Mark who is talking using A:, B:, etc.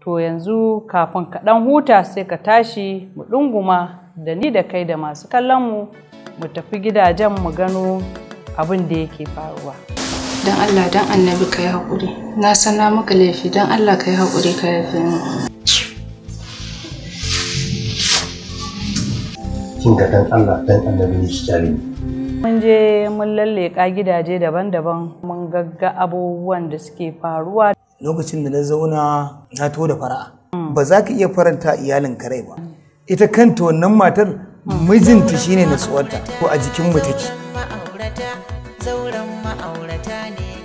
A: To yanzu kafin ka ɗan huta sai ka tashi mu ɗunguma da ni da kai da masu kallonmu mu tafi gidajen mu gano abin da yake faruwa.
B: Don Allah don annabi ka yi haƙuri, na sana maka laifi don Allah ka yi haƙuri
A: ka yi mu.
C: Kin ga don Allah don annabi ne shi kyale
A: Mun je mun lalleƙa gidaje daban-daban mun gagga abubuwan da suke faruwa lokacin da na zauna
D: na to da
E: fara'a mm. ba za ka iya faranta iyalin karai ba ita kanta wannan matar
F: mm. mijinta shine natsuwarta ko a jikin mu take ma'aurata
G: zauren ma'aurata ne